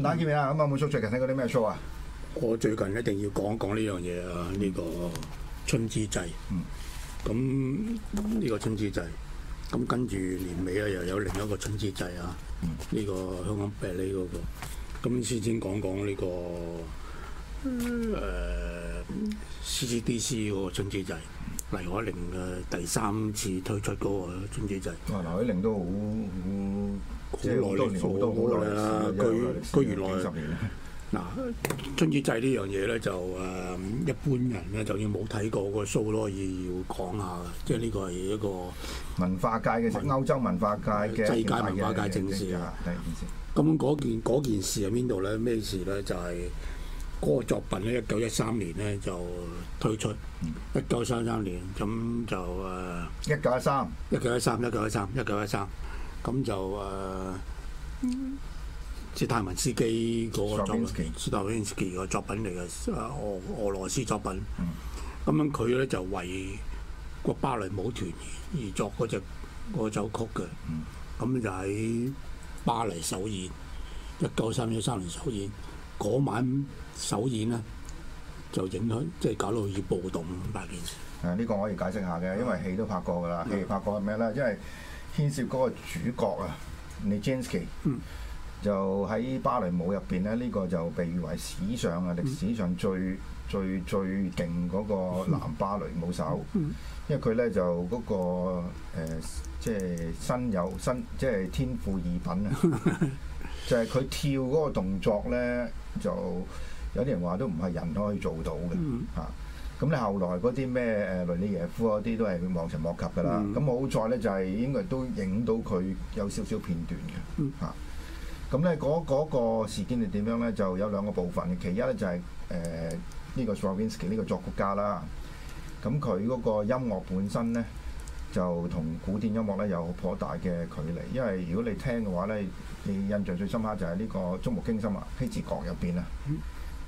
打結未啊？咁啊、嗯，冇錯，最近睇過啲咩 show 啊？我最近一定要講一講呢樣嘢啊！呢、嗯、個春之祭，嗯，咁呢個春之祭，咁跟住年尾啊又有另一個春之祭啊，呢、嗯、個香港芭蕾嗰個，咁先先講講呢、個誒、呃、CCDC 嗰個春之祭。黎海寧嘅第三次推出嗰個，《春之祭》哦。黎海寧都好，好好多年冇都好耐啦，居個原來。嗱年，《春之祭》呢樣嘢咧就誒、呃，一般人咧就要冇睇過個 show 咯，要講下，即係呢個係一個文化界嘅，歐洲文化界嘅世界文化界正事。咁嗰件件，件事喺邊度咧？咩事咧？就係、是就是。就是什麼什麼個作品咧，一九一三年咧就推出，一九三三年咁就誒一九一三一九一三一九一三一九一三咁就誒，即、uh, mm. 斯泰文斯基嗰個作，av 斯泰文斯基作品嚟嘅俄俄羅斯作品。咁樣佢咧就為個芭蕾舞團而，而作嗰隻嗰首曲嘅，咁、mm. 就喺巴黎首演，一九三一三年首演。嗰晚首演咧，就影響即係搞到要暴動嗱件事。誒、啊，呢、這個我可以解釋下嘅，因為戲都拍過噶啦，是的 戲拍過係咩咧？因為牽涉嗰個主角啊，Nijinsky、嗯、就喺芭蕾舞入邊咧，呢、這個就被譽為史上啊，歷史上最、嗯、最最勁嗰個男芭蕾舞手，嗯、因為佢咧就嗰、那個即係、呃就是、身有身即係、就是、天賦異稟啊，嗯、 就係佢跳嗰個動作咧。就有啲人話都唔係人可以做到嘅嚇，咁、mm hmm. 啊、你後來嗰啲咩誒雷利耶夫嗰啲都係望塵莫及噶啦。咁好在咧就係應該都影到佢有少少片段嘅嚇。咁咧嗰個事件係點樣咧？就有兩個部分嘅，其一咧就係誒呢個 Stravinsky 呢個作曲家啦。咁佢嗰個音樂本身咧。就同古典音樂咧有頗大嘅距離，因為如果你聽嘅話咧，你印象最深刻就係呢個觸目驚心啊！希治閣入邊啊，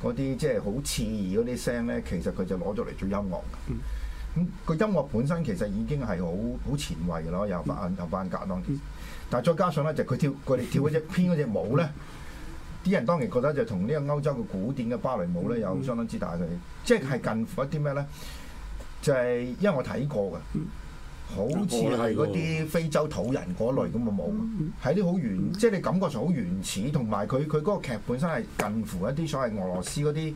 嗰啲即係好刺耳嗰啲聲咧，其實佢就攞咗嚟做音樂咁個、嗯嗯、音樂本身其實已經係好好前衞咯，由反由反革當年。但係再加上咧，就佢、是、跳佢哋跳嗰隻、嗯、編嗰隻舞咧，啲人當然覺得就同呢個歐洲嘅古典嘅芭蕾舞咧有相當之大嘅，即、就、係、是、近乎一啲咩咧？就係、是、因為我睇過嘅。嗯好似係嗰啲非洲土人嗰類咁啊冇，係啲好原，即係你感覺上好原始，同埋佢佢嗰個劇本身係近乎一啲所謂俄羅斯嗰啲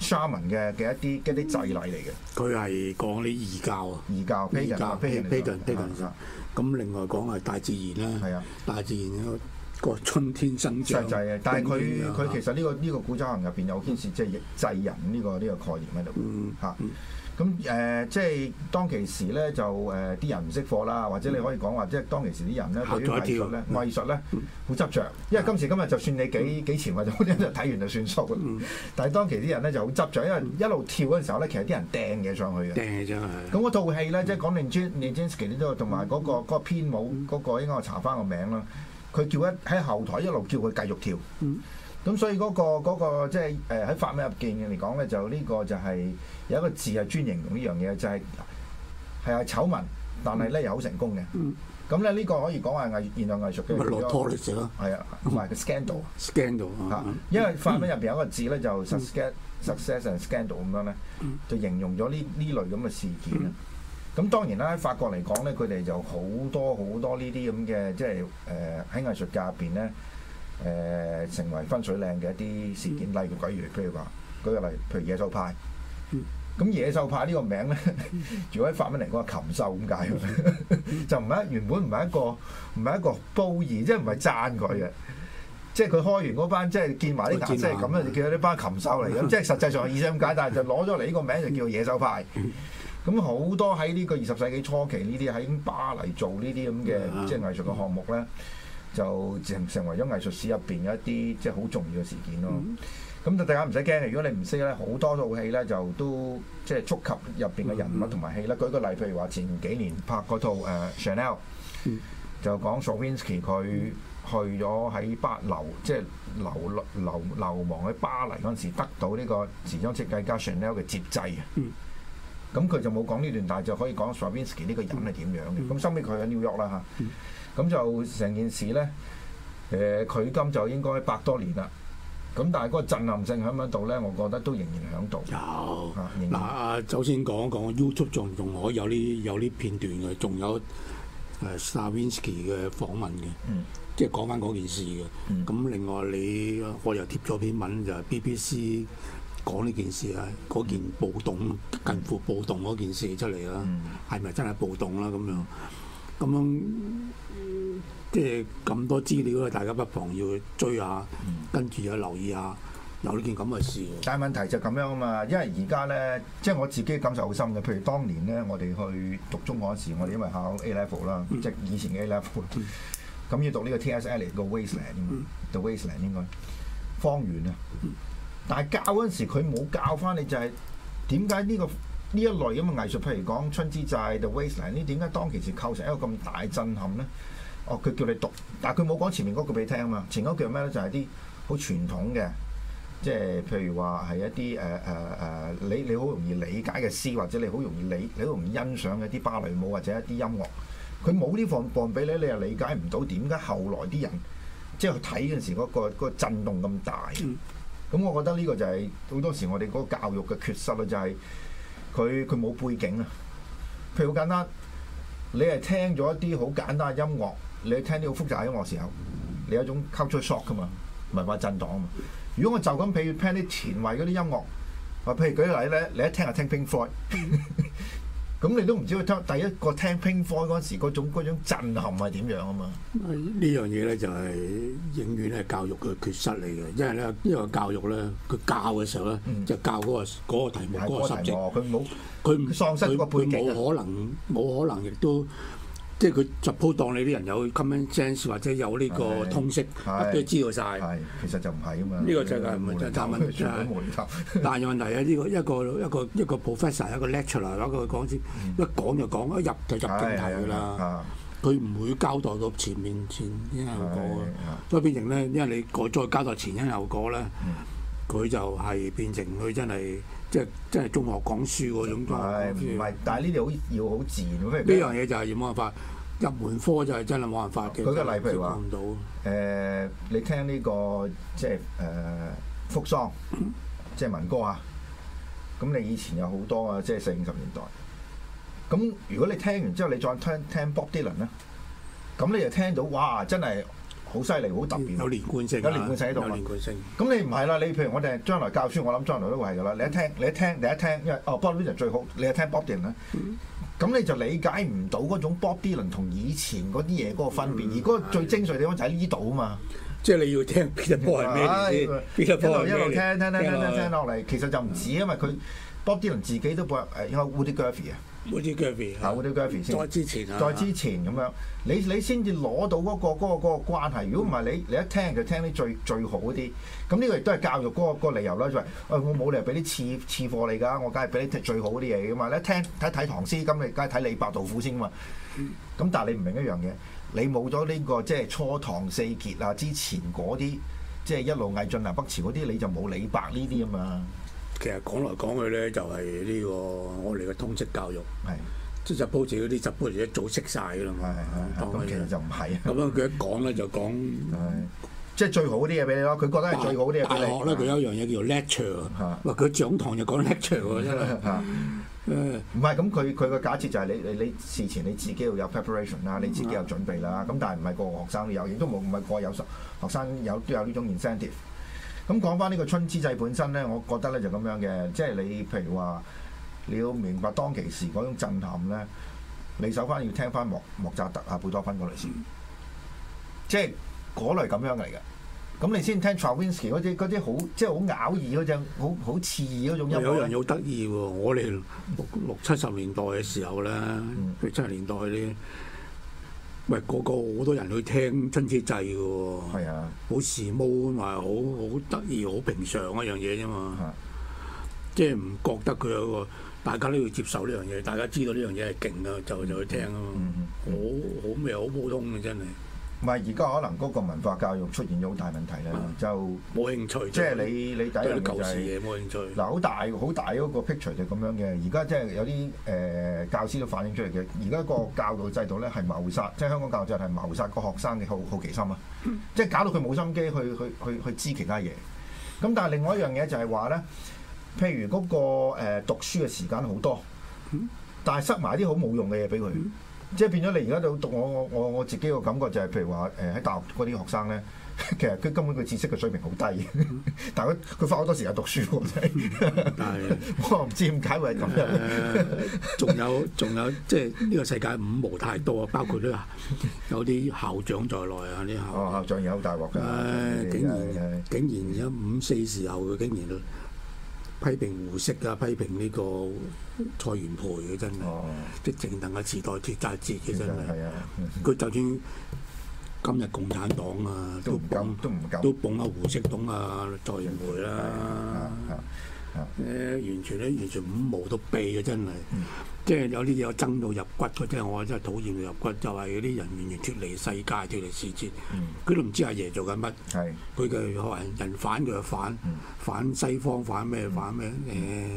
shaman 嘅嘅一啲一啲祭禮嚟嘅。佢係講啲異教啊，異教，非人，非人，非人。咁另外講係大自然啦，係啊，大自然個春天生長就係啊，但係佢佢其實呢個呢個古裝行入邊有牽涉即係祭人呢個呢個概念喺度，嚇。咁誒、呃，即係當其時咧，就誒啲、呃、人唔識貨啦，或者你可以講話，即係當其時啲人咧，對於藝術咧，藝術咧好執着。因為今時今日就算你幾、嗯、幾前或者好多人睇完就算數，嗯、但係當其時啲人咧就好執着，因為一路跳嗰陣時候咧，其實啲人掟嘢上去嘅，掟嘢真係。咁嗰套戲咧，嗯、即係講尼金斯基、那個、尼金斯基呢都，同埋嗰個嗰個編舞嗰個應該我查翻個名啦，佢叫一喺後台一路叫佢繼續跳。嗯咁所以嗰、嗰個即係誒喺法文入邊嚟講咧，就呢個就係有一個字係專形容呢樣嘢，就係係啊醜聞，但係咧又好成功嘅。咁咧呢個可以講係藝現代藝術嘅。咪攞 t o 係啊，同埋、個 scandal。scandal 嚇、啊啊啊啊啊啊，因為法文入邊有一個字咧，就 success success and scandal 咁樣咧，就形容咗呢呢類咁嘅事件啦。咁、mm. 當然啦，喺法國嚟講咧，佢哋就好多好多呢啲咁嘅即係誒喺藝術界入邊咧。誒、呃、成為分水嶺嘅一啲事件，例嘅鬼如，如，譬如話舉個例，譬如野獸派。咁野獸派呢個名咧，如果喺法文嚟講係禽獸咁解， 就唔係原本唔係一個唔係一個褒義，即係唔係贊佢嘅。即係佢開完嗰班，即係見埋啲即色咁，就叫呢班禽獸嚟咁。即係實際上係意思咁解，但係就攞咗嚟呢個名就叫野獸派。咁好 多喺呢個二十世紀初期呢啲喺巴黎做呢啲咁嘅即係藝術嘅項目咧。 就成成為咗藝術史入邊嘅一啲即係好重要嘅事件咯、啊。咁就、mm hmm. 大家唔使驚嘅，如果你唔識咧，好多套戲咧就都即係觸及入邊嘅人物同埋戲啦。Mm hmm. 舉個例，譬如話前幾年拍嗰套誒、uh, Chanel，mm hmm. 就講 Stravinsky 佢去咗喺巴黎，即係流流流亡喺巴黎嗰陣時，得到呢個時裝設計家 Chanel 嘅接濟啊。咁佢、mm hmm. 就冇講呢段，但係就可以講 Stravinsky 呢個人係點樣嘅。咁收尾佢喺紐約啦嚇。Hmm. Mm hmm. 咁就成件事咧，誒、呃，佢今就應該百多年啦。咁但係嗰個震撼性喺唔喺度咧？我覺得都仍然喺度有、啊啊。有嗱，阿首先講一講 YouTube 仲仲可有呢有啲片段嘅，仲有誒 Stravinsky 嘅訪問嘅，即係講翻嗰件事嘅。咁另外你我又貼咗篇文就係 BBC 講呢件事啊，嗰、嗯、件暴動近乎暴動嗰件事出嚟啦，係咪、嗯、真係暴動啦、啊？咁樣？咁樣，即係咁多資料咧，大家不妨要去追下，跟住又留意下，有呢件咁嘅事、嗯。但係問題就咁樣啊嘛，因為而家咧，即、就、係、是、我自己感受好深嘅。譬如當年咧，我哋去讀中學嗰時，我哋因為考 A level 啦，嗯、即係以前嘅 A level，咁、嗯、 要讀呢個 T S L 個 Wasteland 啊，The Wasteland 應該，方圓啊。嗯、但係教嗰陣時，佢冇教翻你、就是，就係點解呢個？呢一類咁嘅藝術，譬如講春之祭 The Wasteland，呢點解當其時構成一個咁大震撼咧？哦，佢叫你讀，但係佢冇講前面嗰句俾你聽啊嘛。前嗰句係咩咧？就係啲好傳統嘅，即係譬如話係一啲誒誒誒，你你好容易理解嘅詩，或者你好容易理你好容易欣賞嘅啲芭蕾舞或者一啲音樂。佢冇呢個放俾你，你又理解唔到點解後來啲人即係睇嗰陣時嗰個嗰個震動咁大。咁我覺得呢個就係好多時我哋嗰個教育嘅缺失啦，就係。佢佢冇背景啊！譬如好簡單，你係聽咗一啲好簡單嘅音樂，你聽啲好複雜嘅音樂嘅時候，你有一種 culture shock 噶嘛，唔係話震盪啊嘛。如果我就咁譬如聽啲前衞嗰啲音樂，或譬如舉例咧，你一聽就聽 Pink Floyd。 咁你都唔知佢聽第一個聽拼塊嗰陣時嗰種嗰種震撼係點樣啊嘛，就是？呢樣嘢咧就係永遠咧教育嘅缺失嚟嘅，因為咧呢個教育咧佢教嘅時候咧、嗯、就教嗰、嗰個嗰、嗰個、題目嗰個心情，佢冇佢唔佢佢喪失咗個背景冇可能冇、啊、可能亦都。即係佢就 suppose 當你啲人有 common sense 或者有呢個通識，都知道晒。係其實就唔係啊嘛。呢個世界唔係真係爭問題但係有問題啊！呢個一個一個一個 professor 一個 lecturer，攞佢講先，一講就講，一入就入正題㗎啦。佢唔會交代到前面前因後果，所以變成咧，因為你再交代前因後果咧，佢就係變成佢真係。即係真係中學講書嗰種中學講書。係唔係？但係呢啲好要好自然，呢樣嘢就係冇辦法，入門科就係真係冇辦法嘅。佢嘅例如譬如話，誒、呃，你聽呢、這個即係誒復桑，即係民、呃嗯、歌啊。咁你以前有好多啊，即係四五十年代。咁如果你聽完之後，你再聽聽 Bob Dylan 咧，咁你又聽到哇，真係～好犀利，好特別，有連貫性，有連貫性喺度啦。咁你唔係啦，你譬如我哋將來教書，我諗將來都係噶啦。你一聽，你一聽，你一聽，因為哦、oh, Bob Dylan 最好，你一聽 Bob Dylan 啦。咁你就理解唔到嗰種 Bob Dylan 同以前嗰啲嘢嗰個分別。Mm. 而嗰個最精髓地方就喺呢度啊嘛。即係、啊、你要聽 b 咩、啊、坪一路一路聽聽聽聽聽落嚟，經常 來其實就唔止啊嘛。佢 Bob、嗯、Dylan 自己都播誒，因為《Hurt and Grief》啊。嗰啲 Gerry 啊，嗰啲 Gerry 先。啊、再之前，啊、再之前咁樣、啊，你你先至攞到嗰、嗰個嗰、嗰個嗰、嗰個、關係。如果唔係你，你一聽就聽啲最最好嗰啲。咁呢個亦都係教育嗰、嗰個理由啦，就係、係，誒我冇理由俾啲次次貨你㗎，我梗係俾你最好啲嘢㗎嘛。你一聽睇睇唐詩，咁你梗係睇李白杜甫先啊嘛。咁但係你唔明一樣嘢，你冇咗呢個即係初唐四傑啊，之前嗰啲即係一路魏晉南北朝嗰啲，你就冇李白呢啲啊嘛。其實講來講去咧，就係呢個我哋嘅通識教育，即係就報紙嗰啲 pose，而家早識曬嘅啦嘛。咁其實就唔係。咁樣佢一講咧就講，即係最好啲嘢俾你咯。佢覺得係最好啲嘢俾你。大學咧，佢有一樣嘢叫做 lecture。喂，佢講堂就講 lecture 喎，真係唔係咁，佢佢個假設就係你你事前你自己要有 preparation 啦，你自己有準備啦。咁但係唔係個個學生都有，亦都冇唔係個有學生有都有呢種 incentive。咁講翻呢個春之祭本身咧，我覺得咧就咁、是、樣嘅，即係你譬如話，你要明白當其時嗰種震撼咧，你首翻要聽翻莫莫扎特啊、貝多芬嗰類先，即係嗰類咁樣嚟嘅。咁你先聽 Stravinsky 嗰啲嗰啲好即係好咬耳嗰隻好好刺耳嗰種音。有人好得意喎！我哋六六七十年代嘅時候咧，六、嗯、七十年代啲。喂，個個好多人去聽春之祭嘅喎，好 時髦，話好好得意，好平常一樣嘢啫嘛，即係唔覺得佢有個，大家都要接受呢樣嘢，大家知道呢樣嘢係勁啊，就就去聽啊嘛， 好好咩好普通嘅真係。唔係而家可能嗰個文化教育出現咗好大問題啦，嗯、就冇興趣，即係你對你睇下啲舊時嘢冇興趣。嗱好大、啊、好大個 picture 就咁樣嘅，而家即係有啲誒、呃、教師都反映出嚟嘅。而家個教育制度咧係謀殺，即係香港教育制度係謀殺個學生嘅好好奇心啊！嗯、即係搞到佢冇心機去去去去，去知其他嘢。咁但係另外一樣嘢就係話咧，譬如嗰個誒讀書嘅時間好多，但係塞埋啲好冇用嘅嘢俾佢。嗯即係變咗你而家就讀，我我我我自己個感覺就係，譬如話誒喺大學嗰啲學生咧，其實佢根本佢知識嘅水平好低， 但係佢佢花好多時間讀書喎真係。係 是， 我唔知點解會係咁樣。呃，仲有仲有即係呢個世界五毛太多啊！包括咧有啲校長在內啊呢校，哦。校長而家好大鑊㗎。誒、呃，竟然哎哎哎竟然而家五四時候佢竟然都。批評胡適啊，批評呢個蔡元培嘅真係，即正等啊時代脱臼節嘅真係，佢就算今日共產黨啊，都唔都，都，都捧下胡適董啊蔡元培啦，啊。 誒完全咧，完全五毛都痹嘅真係，即係有啲嘢憎到入骨嘅真係，我真係討厭到入骨。入骨就係嗰啲人完全脱離世界，脱離時節，佢、嗯、都唔知阿爺做緊乜。係佢嘅學人反就反，反西方反咩反咩誒、哎！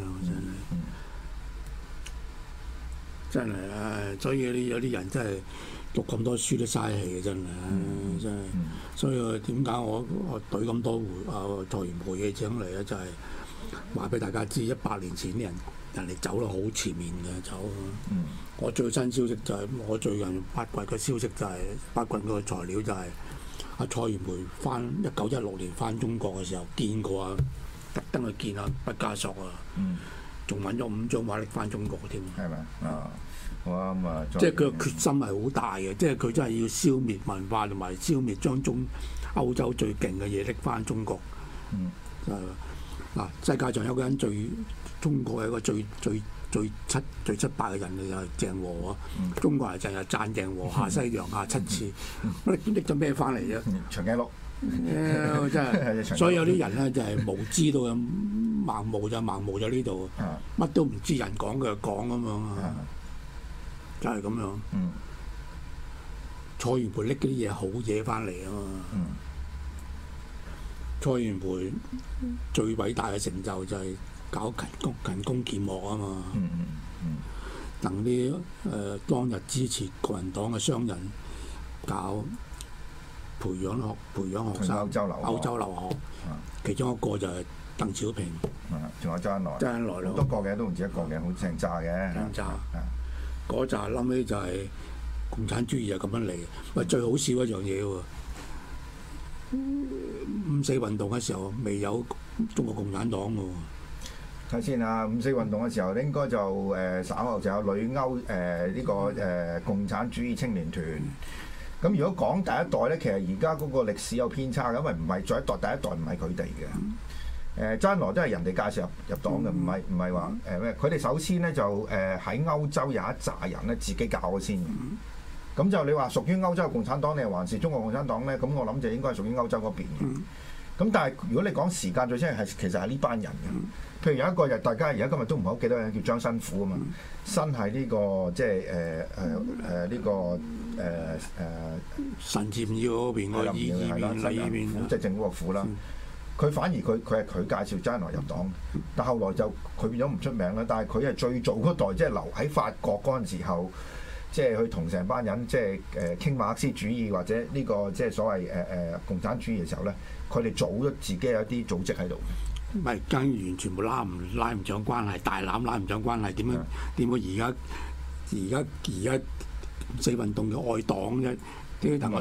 真係真係啊！所以有啲人真係讀咁多書都嘥氣嘅真係，真係。所以點解我我隊咁多戶啊財務嘢請嚟咧？就係。話俾大家知，一百年前啲人人哋走得好前面嘅走。嗯、我最新消息就係、是、我最近八棍嘅消息就係八棍個材料就係、是、阿蔡元培翻一九一六年翻中國嘅時候見過啊，特登去見阿畢加索啊，仲揾咗五張畫拎翻中國添。係咪啊？我咁啊，即係佢個決心係好大嘅，即係佢真係要消滅文化同埋消滅將中歐洲最勁嘅嘢拎翻中國。嗯，就係嗱，世界上有個人最中國係一個最最最七最七百嘅人就係鄭和喎，嗯、中國人就係贊鄭和、嗯、哼下西洋下七次，我哋拎咗咩翻嚟啫？長頸鹿，真係， 所以有啲人咧就係無知到 盲無就盲無咗呢度，乜都唔知人講佢講咁樣啊，嗯、哼就係咁樣。嗯、哼坐完盤拎啲嘢好嘢翻嚟啊嘛。嗯蔡元培最偉大嘅成就就係搞勤工勤工儉學啊嘛，等啲誒當日支持國民黨嘅商人搞培養學培養學生，歐洲留歐洲留學，其中一個就係鄧小平，仲有周恩來。周恩來咯，多個都唔止一個嘅，好成扎嘅，成扎，嗰紮諗起就係共產主義就咁樣嚟，喂最好笑一樣嘢喎。五四運動嘅時候未有中國共產黨嘅喎。睇先啊！五四運動嘅時候應該就誒、呃，稍後就有旅歐誒呢、呃這個誒、呃、共產主義青年團。咁、嗯、如果講第一代咧，其實而家嗰個歷史有偏差嘅，因為唔係再一代，第一代唔係佢哋嘅。誒、呃，蔣羅都係人哋介紹入入黨嘅，唔係唔係話誒咩？佢哋、呃、首先呢就誒喺、呃、歐洲有一紮人咧自己搞先咁、嗯嗯、就你話屬於歐洲嘅共產黨定係還是中國共產黨咧？咁我諗就應該係屬於歐洲嗰邊嘅。咁、嗯、但係如果你講時間最先係其實係呢班人嘅，譬如有一個又大家而家今日都唔係好記得嘅叫張申府啊嘛，申喺呢、這個即係誒誒誒呢個誒誒、呃、神佔要嗰邊個二邊第二邊府即係政府個府啦，佢的反而佢佢係佢介紹周恩來入黨，但後來就佢變咗唔出名啦，但係佢係最早嗰代即係、就是、留喺法國嗰陣時候。即係佢同成班人即係誒傾馬克思主義或者呢、呢個即係所謂誒誒、呃、共產主義嘅時候咧，佢哋組咗自己有啲組織喺度，唔係跟完全部拉唔拉唔上關係，大攬拉唔上關係，點樣點會而家而家而家四運動嘅外黨啫？啲同好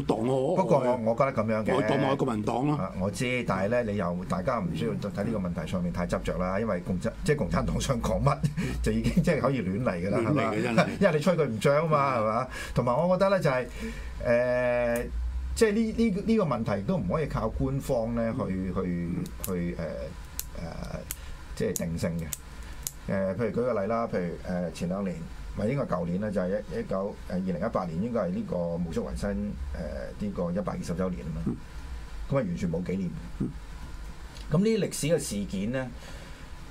擋咯。我不過我我覺得咁樣嘅，我當我係國民黨咯。我知，但係咧，你又大家唔需要喺呢個問題上面太執着啦，因為共即係共產黨想講乜，就已經即係可以亂嚟噶啦。係咪？因為你吹佢唔漲啊嘛，係嘛的？同埋我覺得咧就係、是、誒、呃，即係呢呢呢個問題都唔可以靠官方咧去去去誒誒，即係定性嘅。誒、呃，譬如舉個例啦，譬如誒前兩年。唔係應該係舊年咧，就係、是、一一九誒二零一八年，應該係呢個戊戌維新誒呢個一百二十週年啊嘛。咁、嗯、啊完全冇紀念。咁呢啲歷史嘅事件咧，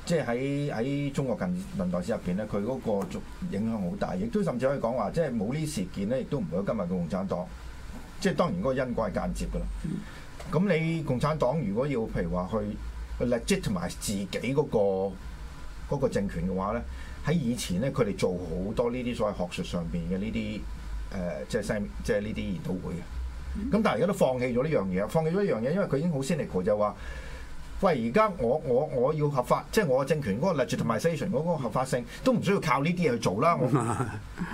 即係喺喺中國近近代史入邊咧，佢嗰個影響好大，亦都甚至可以講話，即係冇呢事件咧，亦都唔會有今日嘅共產黨。即係當然嗰個因果係間接㗎啦。咁你共產黨如果要譬如話去去 legitimize 自己嗰、嗰個嗰個政權嘅話咧，喺以前咧，佢哋做好多呢啲所謂學術上邊嘅呢啲誒，即係西，即係呢啲研討會啊。咁、mm hmm. 但係而家都放棄咗呢樣嘢，放棄咗呢樣嘢，因為佢已經好 cynical，就話。喂！而家我我我要合法，即係我嘅政權嗰個 legitimization 嗰個合法性都唔需要靠呢啲嘢去做啦。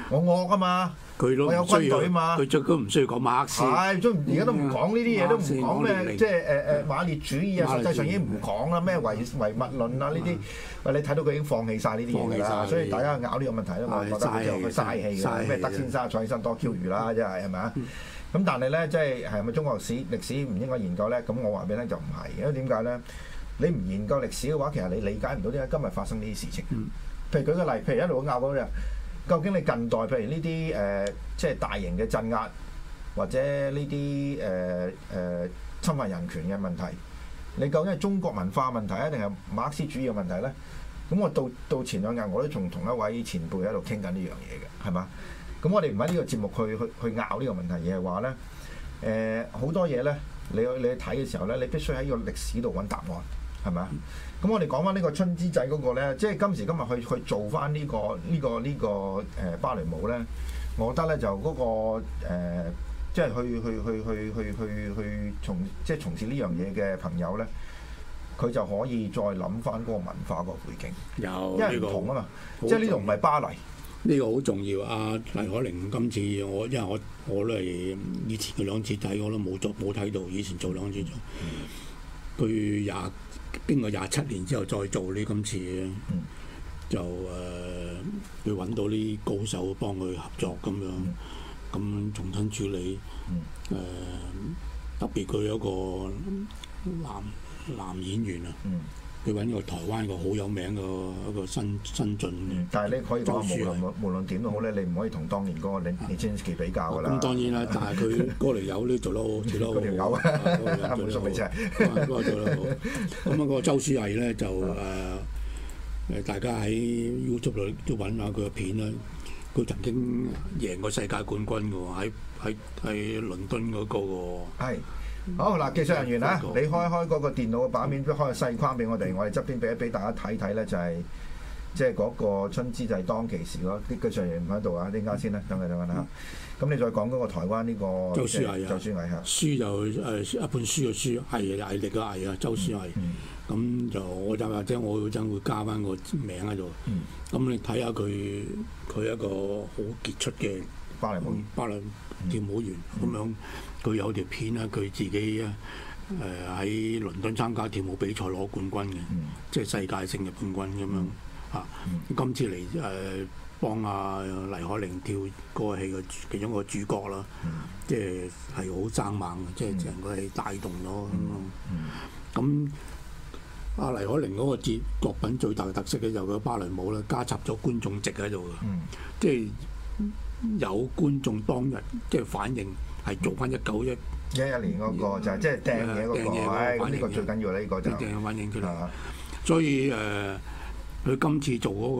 我我惡啊嘛，我有軍隊啊嘛，佢都唔需要講馬克思。而家都唔講呢啲嘢，都唔講咩即係誒誒馬列主義啊。實際上已經唔講啦，咩唯唯物論啊呢啲。喂，你睇到佢已經放棄晒呢啲嘢啦。所以大家咬呢個問題，我覺得就嘥氣嘅。咩德先生賽先生多 Q 魚啦，真係係咪啊？咁但係咧，即係係咪中國史歷史唔應該研究咧？咁我話俾你聽就唔係，因為點解咧？你唔研究歷史嘅話，其實你理解唔到點解今日發生呢啲事情。譬如舉個例，譬如一路拗嗰啲，究竟你近代譬如呢啲誒，即係大型嘅鎮壓或者呢啲誒誒侵犯人權嘅問題，你究竟係中國文化問題啊，定係馬克思主義嘅問題咧？咁我到到前兩日我都仲同一位前輩喺度傾緊呢樣嘢嘅，係嘛？咁我哋唔喺呢個節目去去去拗呢個問題，而係話咧，誒好多嘢咧，你你睇嘅時候咧，你必須喺個歷史度揾答案，係咪啊？咁我哋講翻呢個春之祭嗰個咧，即係今時今日去去做翻呢個呢個呢個誒芭蕾舞咧，我覺得咧就嗰個誒，即係去去去去去去去從即係從事呢樣嘢嘅朋友咧，佢就可以再諗翻嗰個文化個背景，有，因為唔同啊嘛，即係呢度唔係巴黎。呢個好重要啊！黎海寧今次我因為我我都係以前佢兩次睇我都冇做冇睇到，以前做兩次做，佢廿經過廿七年之後再做呢，今次、嗯、就誒佢揾到啲高手幫佢合作咁樣，咁、嗯嗯嗯、重新處理誒、嗯呃、特別佢有個男男演員啊。嗯嗯佢揾個台灣個好有名個一個新新進，但係咧可以周書毅，無論無論點都好咧，你唔可以同當年嗰個李李千琪比較㗎啦。咁當然啦，但係佢哥尼友咧做得好，做得好。嗰條友啊，做得好啫。咁啊，個周書毅咧就誒誒，大家喺 YouTube 裡都揾下佢嘅片啦。佢曾經贏過世界冠軍㗎喎，喺喺喺倫敦嗰個。係。好嗱，技術人員啊，國你開開嗰個電腦嘅版面，開個細框俾我哋，我哋側邊俾俾大家睇睇咧，就係即係嗰個春之祭就係當其時咯。啲技術人員唔喺度啊，陣間先啦。等佢等佢嚇。咁、嗯、你再講嗰個台灣呢、呢個周書毅啊，啊，啊，周書毅、嗯嗯、書就誒一本書嘅書，毅毅力嘅毅啊，周書毅。咁就我就即係我陣會加翻個名喺度。咁、嗯、你睇下佢佢一個好傑出嘅芭蕾芭蕾跳舞員咁樣。佢有條片咧，佢自己誒喺、呃、倫敦參加跳舞比賽攞冠軍嘅，嗯、即係世界性嘅冠軍咁樣吓。啊嗯、今次嚟誒、呃、幫阿、啊、黎海寧跳個戲嘅其中個主角啦，嗯、即係係好生猛嘅，嗯、即係成個戲帶動咗咁咁阿黎海寧嗰個作品最大嘅特色嘅就佢芭蕾舞啦，加插咗觀眾席喺度嘅，即係有觀眾當日即係反應。係做翻一九一一一年嗰個就係即係掟嘢嗰個，掟嘢嗰個最緊要咧，呢、啊、個就吧所以誒，佢、呃、今次做嗰、嗰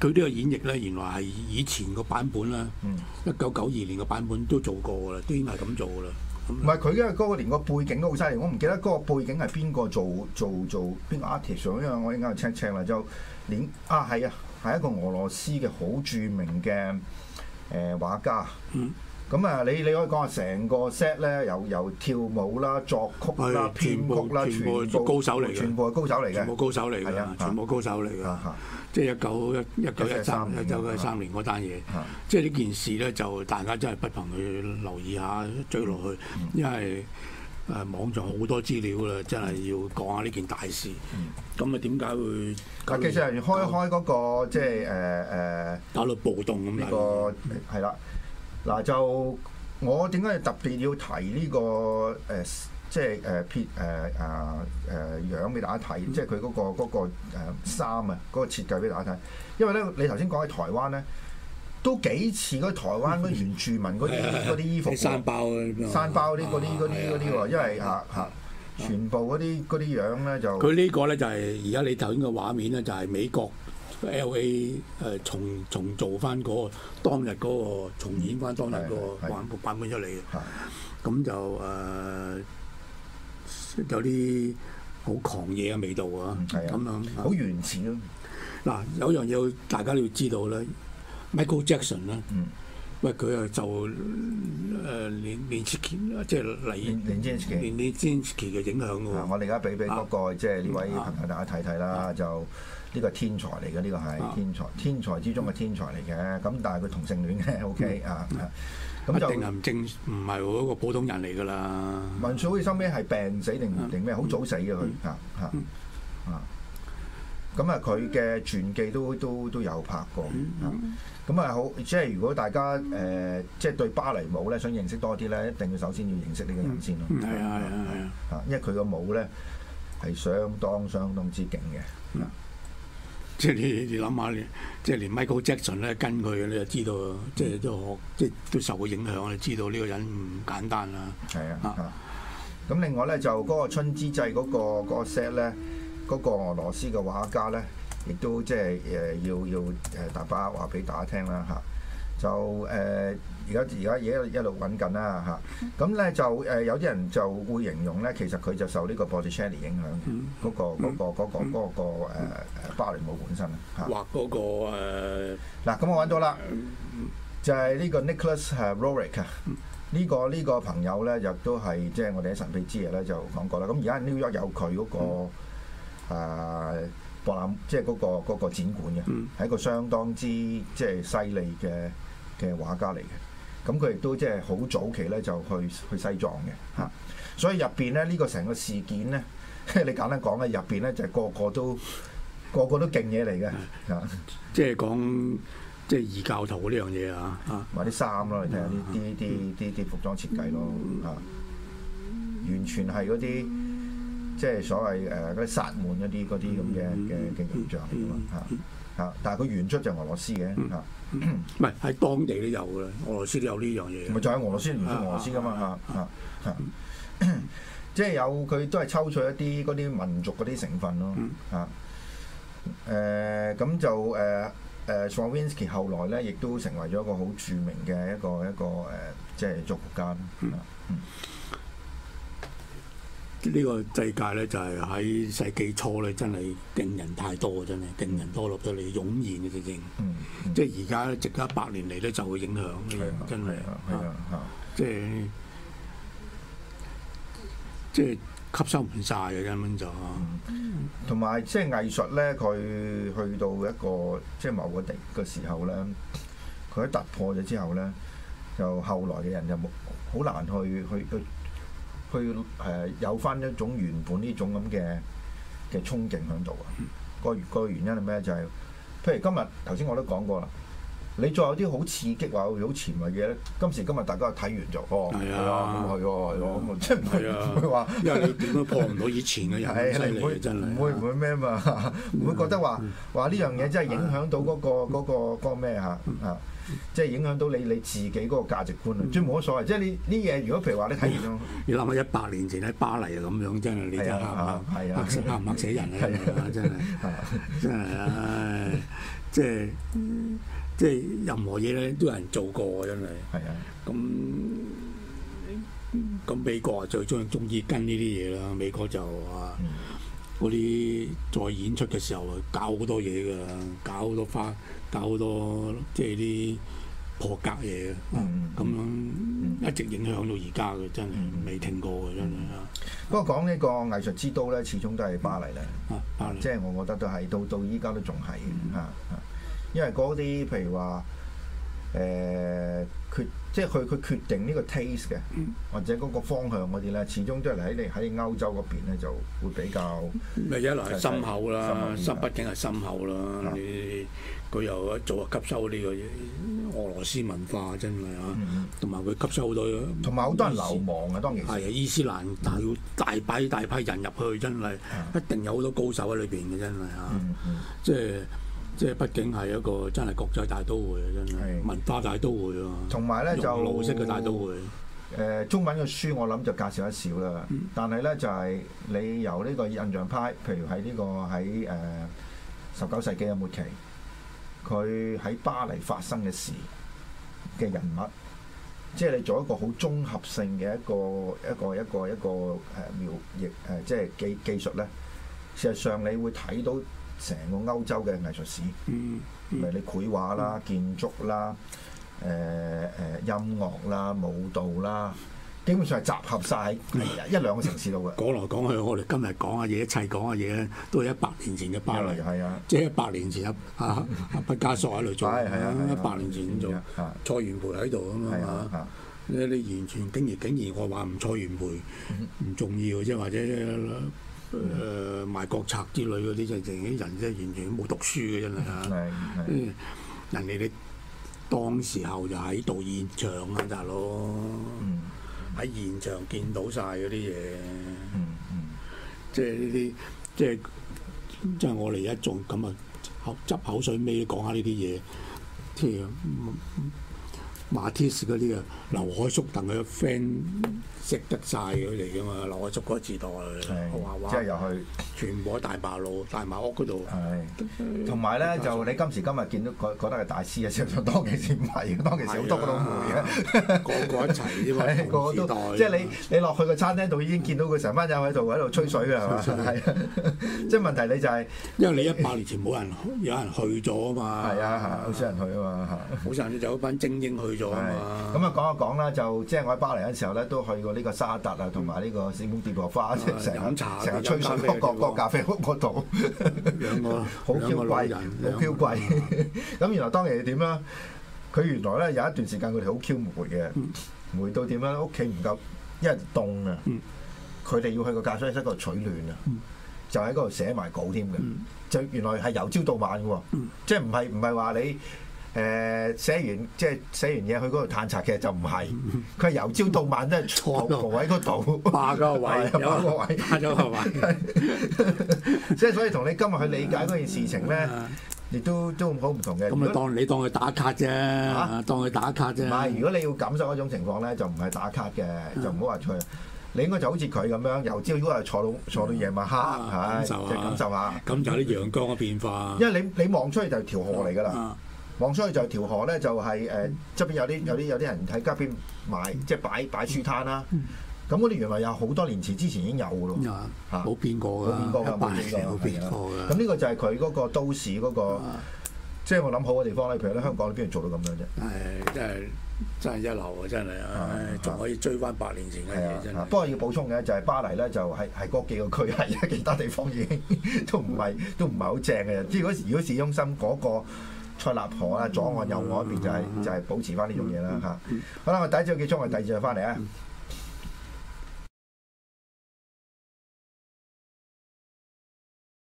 個佢呢、呃、個演繹咧，原來係以前個版本啦，一九九二年個版本都做過噶啦，都已經係咁做噶啦。唔係佢因為嗰個連背個背景都好犀利，我唔記得嗰個背景係邊個做做做邊個 artist，因為我而家又 check check 啦，就連啊係啊係一個俄羅斯嘅好著名嘅誒、呃啊、畫家。嗯咁啊，你你可以講下成個 set 咧，由由跳舞啦、作曲啦、編曲啦，全部高手嚟嘅，全部係高手嚟嘅，全部高手嚟嘅，係啊，全部高手嚟嘅，即係一九一、一九一三、一九一三年嗰單嘢，即係呢件事咧，就大家真係不妨去留意下追落去，因為誒網上好多資料啦，真係要講下呢件大事。咁啊，點解會？咁即係開開嗰個即係誒誒打到暴動咁樣，係啦。嗱就我點解特別要提呢、呢個誒、啊就係呃呃呃，即係誒撇誒啊誒樣俾大家睇，即係佢嗰個嗰衫啊，嗰個設計俾大家睇。因為咧，你頭先講起台灣咧，都幾似台灣原住民嗰啲啲衣服山包山包啲嗰啲嗰啲嗰啲喎， 啊、因為嚇嚇、啊啊啊、全部嗰啲啲樣咧就佢呢個咧就係而家你頭先嘅畫面咧就係美國。 L.A. 誒、呃、重重做翻嗰個當日嗰、那個重演翻當日嗰、那個版版本出嚟嘅，咁就誒、呃、有啲好狂野嘅味道啊，咁的樣好原始咯。嗱、啊，有樣嘢大家都要知道咧、啊、Michael Jackson 咧、啊，嗯、喂佢啊就誒、呃、Link 即係 Link 嘅影響嘅、啊、喎。我哋而家俾俾嗰個即係呢位朋友大家睇睇啦，就。呢個天才嚟嘅，呢個係天才，天才之中嘅天才嚟嘅。咁但係佢同性戀 OK 啊？咁就一定係唔正，唔係嗰個普通人嚟噶啦。文翠好似收尾係病死定定咩？好早死嘅佢啊啊咁啊，佢嘅傳記都都都有拍過啊。咁啊，好即係如果大家誒即係對芭蕾舞咧想認識多啲咧，一定要首先要認識呢個人先咯。係啊係啊啊！因為佢個舞咧係相當相當之勁嘅。即係你你諗下，你即係連 Michael Jackson 咧跟佢，你就知道，即係都學，即係都受過影響，你知道呢個人唔簡單啦。係啊，咁、啊啊、另外咧就嗰個春之祭嗰、嗰個、嗰個 set 咧，嗰個俄羅斯嘅畫家咧，亦都即係誒要要誒大把話俾大家聽啦，嚇、啊。就誒而家而家嘢一路揾緊啦嚇，咁、啊、咧就誒有啲人就會形容咧，其實佢就受呢個 Botticelli 影響嘅嗰、嗯那個嗰、嗯那個嗰芭蕾舞本身嚇。嗯啊、畫嗰、那個誒嗱，咁、啊啊、我揾咗啦，就係、是、呢個 Nicholas Roerich 啊，呢、嗯這個呢、這個朋友咧，亦都係即係我哋喺神秘之夜咧就講過啦。咁而家 New York 有佢嗰、那個、啊、博覽，即係嗰個展館嘅、啊，喺、嗯嗯、一個相當之即係犀利嘅。嘅畫家嚟嘅，咁佢亦都即係好早期咧就去去西藏嘅嚇，所以入邊咧呢個成個事件咧，你簡單講咧入邊咧就係個個都個個都勁嘢嚟嘅啊！即係講即係異教徒呢樣嘢啊！啊，買啲衫啦你睇下啲啲啲啲服裝設計咯嚇，完全係嗰啲即係所謂誒嗰啲薩滿嗰啲嗰啲咁嘅嘅嘅形象嚟嘅嚇嚇，但係佢原出就係俄羅斯嘅嚇。唔係喺當地都有嘅，俄羅斯都有呢樣嘢。咪就喺俄羅斯嚟自俄羅斯噶嘛嚇，即係有佢都係抽出一啲嗰啲民族嗰啲成分咯嚇。誒咁、嗯啊、就誒誒 Stravinsky 後來咧，亦都成為咗一個好著名嘅一個一個誒、呃，即係作曲家、啊嗯呢個世界咧就係、是、喺世紀初咧，真係勁人太多，真係勁人多落咗嚟，湧、嗯嗯、現嘅正正，即係而家直得百年嚟咧，就會影響，真係，即係即係吸收唔晒。嘅咁樣就，同埋即係藝術咧，佢去到一個即係、就是、某個地嘅時候咧，佢一突破咗之後咧，就後來嘅人就冇好難去去去。去佢誒有翻一種原本呢種咁嘅嘅衝勁喺度啊，個個原因係咩？就係 pas firstly pas school、uh huh? pas，譬如今日頭先我都講過啦，你再有啲好刺激、話好前衞嘅，今時今日大家睇完就哦，係喎，係喎，咁啊，即係唔會唔會話，因為你點都破唔到以前嘅人，犀利係唔會唔會咩嘛，唔會覺得話話呢樣嘢真係影響到嗰個嗰個嗰咩嚇。即係影響到你你自己嗰個價值觀啊，最冇、嗯、所謂。即係你啲嘢，如果譬如話你睇，驗咯，你諗下一百年前喺巴黎咁樣真係你真下嚇，嚇死唔嚇死人啊？真係的，真係、 哎，即係即係任何嘢咧都有人做過真係，係啊，咁咁那、啊、美國啊最中中意跟呢啲嘢啦，美國就啊。嗯嗰啲在演出嘅時候啊，搞好多嘢㗎，搞好多花，搞好多即係啲破格嘢啊，咁、嗯、樣、嗯、一直影響到而家嘅，真係未停過嘅真係，不過講呢個藝術之都咧，始終都係巴黎咧啊，巴黎即係我覺得都係到到依家都仲係、嗯、啊，因為嗰啲譬如話。誒決、呃、即係佢佢決定呢個 taste 嘅，或者嗰個方向嗰啲咧，始終都係喺你喺歐洲嗰邊咧，就會比較咪一來係深厚啦，深畢竟係深厚啦。佢又做吸收呢個俄羅斯文化真係嚇、uh, 嗯，同埋佢吸收好多。同埋好多人流亡嘅，當然係啊伊斯蘭大，但要、嗯、大批大批人入去，真係一定有好多高手喺裏邊嘅，真係嚇、uh, mm, 嗯，即係、嗯。即係畢竟係一個真係國際大都會啊，真係文化大都會啊，同埋咧就老式嘅大都會。誒、呃，中文嘅書我諗就介紹得少一少啦。嗯、但係咧就係、係、你由呢個印象派，譬如喺呢、呢個喺誒十九世紀嘅末期，佢喺巴黎發生嘅事嘅人物，即係你做一個好綜合性嘅一個一個一個一個誒描譯誒，即係技技術咧，事實上你會睇到。成個歐洲嘅藝術史，咪你繪畫啦、建築啦、誒誒音樂啦、舞蹈啦，基本上係集合曬一兩個城市度嘅。講來講去，我哋今日講嘅嘢，一切講嘅嘢咧，都係一百年前嘅巴黎，係啊，即係一百年前啊啊畢加索喺度做，一百年前咁做，蔡元培喺度啊嘛，你完全竟然竟然我話唔蔡元培唔重要，嘅啫，或者。誒賣國策之類嗰啲，真係啲 人真係完全冇讀書嘅真係嚇，人哋你當時候就喺度現場啊大佬，喺 現場見到晒嗰啲嘢，即係呢啲，即係即係我哋一眾咁啊，執口,口水尾講下呢啲嘢，添、啊。嗯嗯馬鐵士嗰啲啊，劉海叔等佢 friend 識得晒佢嚟噶嘛，劉海叔嗰一代畫畫，即係又去，全部喺大馬路、大馬屋嗰度。係，同埋咧就你今時今日見到覺得係大師啊，其實當其時唔係，當其時好多個老梅啊，個個一齊啲嘛，個個都，即係你你落去個餐廳度已經見到佢成班友喺度喺度吹水嘅係嘛？係即係問題你就係，因為你一百年前冇人有人去咗啊嘛，係啊，係，好少人去啊嘛，好少人咧就一班精英去。咁啊講一講啦，就即係我喺巴黎嘅時候咧，都去過呢個沙特啊，同埋呢個聖豐蒂落花，成日成日吹水嗰個咖啡屋嗰度，好矜貴，好矜貴。咁原來當年點啦？佢原來咧有一段時間佢哋好 Q 霉嘅，霉到點樣屋企唔夠，因為凍啊，佢哋要去個咖啡室度取暖啊，就喺嗰度寫埋稿添嘅，就原來係由朝到晚喎，即係唔係唔係話你？誒寫完即係寫完嘢去嗰度探查，嘅就唔係，佢係由朝到晚都係坐喺嗰度霸個位，有個位，有個位。即係所以同你今日去理解嗰件事情咧，亦都都好唔同嘅。咁咪當你當佢打卡啫，嚇，當佢打卡啫。唔係，如果你要感受嗰種情況咧，就唔係打卡嘅，就唔好話出去。你應該就好似佢咁樣，由朝如果係坐到坐到夜晚黑，即係感受啊，感受下。咁就啲陽光嘅變化。因為你你望出去就條河嚟㗎啦。望出去就條河咧，就係誒側邊有啲有啲有啲人喺街邊賣，即係擺擺書攤啦。咁嗰啲原來有好多年前之前已經有嘅咯，冇變過嘅。冇變過嘅，冇變過嘅。咁呢個就係佢嗰個都市嗰個，即係我諗好嘅地方咧。譬如香港邊度做到咁樣啫？誒，真係真係一流啊！真係，仲可以追翻八年前嘅嘢真係。不過要補充嘅就係巴黎咧，就係係嗰幾個區係，其他地方已經都唔係都唔係好正嘅。即係嗰如果市中心嗰個。蔡立婆啦，左岸右岸一邊就係、是嗯、就係保持翻呢種嘢啦嚇。嗯、好啦，我哋第一次結束，嗯、我哋第二次翻嚟啊。